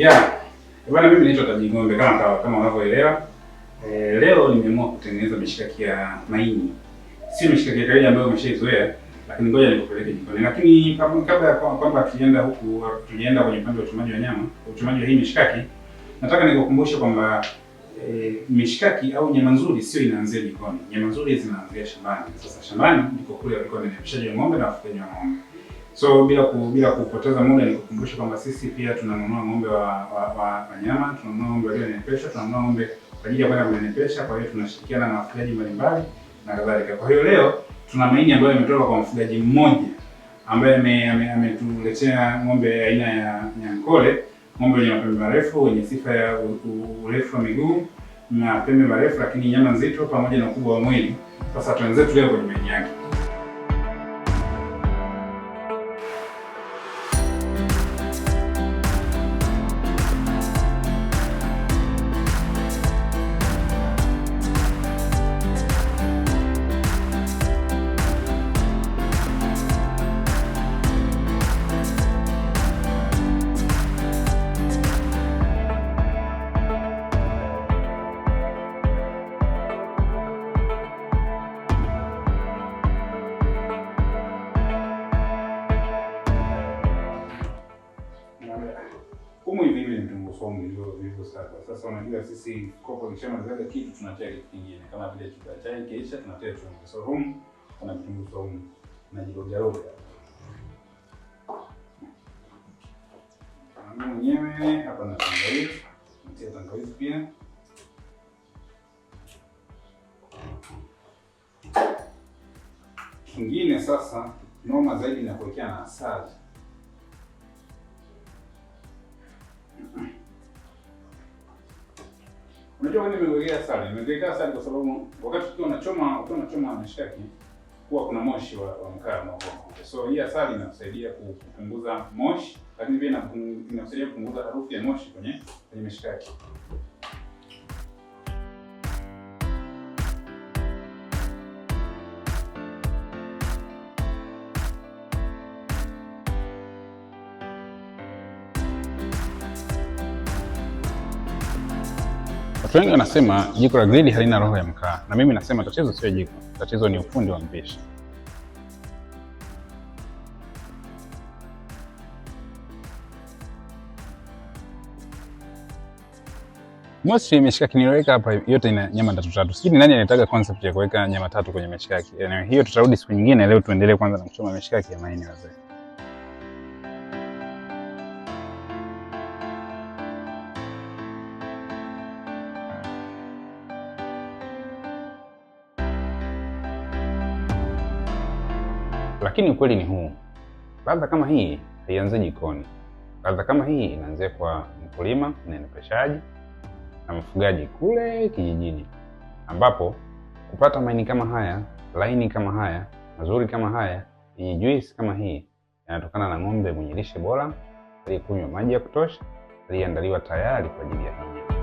Yeah. Bwana mimi naitwa Taji Ng'ombe kama kawa, kama unavyoelewa. E, leo nimeamua kutengeneza mishikaki ya maini. Si mishikaki ya kawaida ambayo umeshaizoea, lakini ngoja nikupeleke jikoni. Lakini kabla ya kwamba kwa tulienda huku tulienda kwenye upande wa uchomaji wa nyama, uchomaji wa hii mishikaki, nataka nikukumbushe kwamba e, mishikaki au nyama nzuri sio inaanzia jikoni. Nyama nzuri zinaanzia shambani. Sasa shambani ndiko kule walikuwa wananyamshaji wa ng'ombe na wafugaji wa ng'ombe. So bila ku, bila kupoteza muda nikukumbusha kwamba sisi pia tunanunua ng'ombe wa wanyama wa, wa tunanunua ng'ombe wa tunanunua ng'ombe kwa ajili ya kwenda kunenepesha. Kwa hiyo tunashirikiana na wafugaji mbalimbali na kadhalika. Kwa hiyo leo tuna maini ambayo yametoka kwa mfugaji mmoja ambaye ametuletea ng'ombe aina ya Nyankole, ng'ombe wenye mapembe marefu wenye sifa ya urefu wa miguu na pembe marefu, lakini nyama nzito pamoja na ukubwa wa mwili. Sasa tuanze leo kwenye maini yake. vile vitungu fomu vilivyo sasa. Sasa unajua sisi kopo kishamalizaga kitu tunatia kitu kingine, kama vile chupa chai kiisha, tunatia chumvi So saumu, kuna na saumu roga. mimi mwenyewe hapa na tangawizi, natia tangawizi pia kingine. Sasa noma zaidi na kuwekea na asali Unajua wewe nimewekea asali. Nimewekea asali kwa sababu wakati ukiwa unachoma ukiwa unachoma mishkaki huwa kuna moshi wa, wa mkaa na So hii asali inakusaidia kupunguza moshi, lakini pia inakusaidia kupunguza harufu ya moshi kwenye kwenye Watu wengi wanasema jiko la grili halina roho ya mkaa, na mimi nasema tatizo sio jiko, tatizo ni ufundi wa mpishi. Moshi mishikaki niliweka hapa yote ina nyama tatu tatu. Sijui nani anataka concept ya kuweka nyama tatu kwenye mishikaki. eneo hiyo tutarudi siku nyingine, leo tuendelee kwanza na kuchoma mishikaki ya maini wazee. Lakini ukweli ni huu, ladha kama hii haianzi jikoni. Ladha kama hii inaanzia kwa mkulima, mnenepeshaji na mfugaji kule kijijini, ambapo kupata maini kama haya laini kama haya mazuri kama haya yenye juisi kama hii yanatokana na ng'ombe mwenye lishe bora aliyekunywa maji ya kutosha aliyeandaliwa tayari kwa ajili ya hija.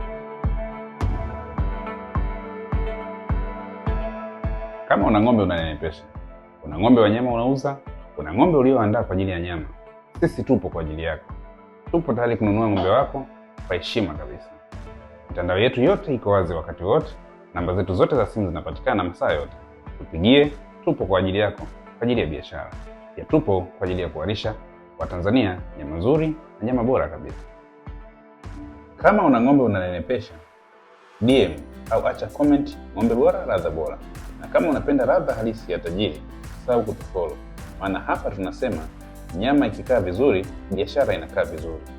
Kama una ng'ombe unanenepesha kuna ng'ombe wa nyama unauza, kuna ng'ombe ulioandaa kwa ajili ya nyama. Sisi tupo kwa ajili yako, tupo tayari kununua ng'ombe wako kwa heshima kabisa. Mitandao yetu yote iko wazi wakati wote, namba zetu zote za simu zinapatikana masaa yote. Tupigie, tupo kwa ajili yako, kwa ajili ya biashara ya, tupo kwa ajili ya kuwalisha Watanzania nyama nzuri na nyama bora kabisa. Kama una ng'ombe unanenepesha, DM au acha comment ng'ombe bora, ladha bora na kama unapenda ladha halisi ya tajiri, usisahau kutufollow, maana hapa tunasema nyama ikikaa vizuri, biashara inakaa vizuri.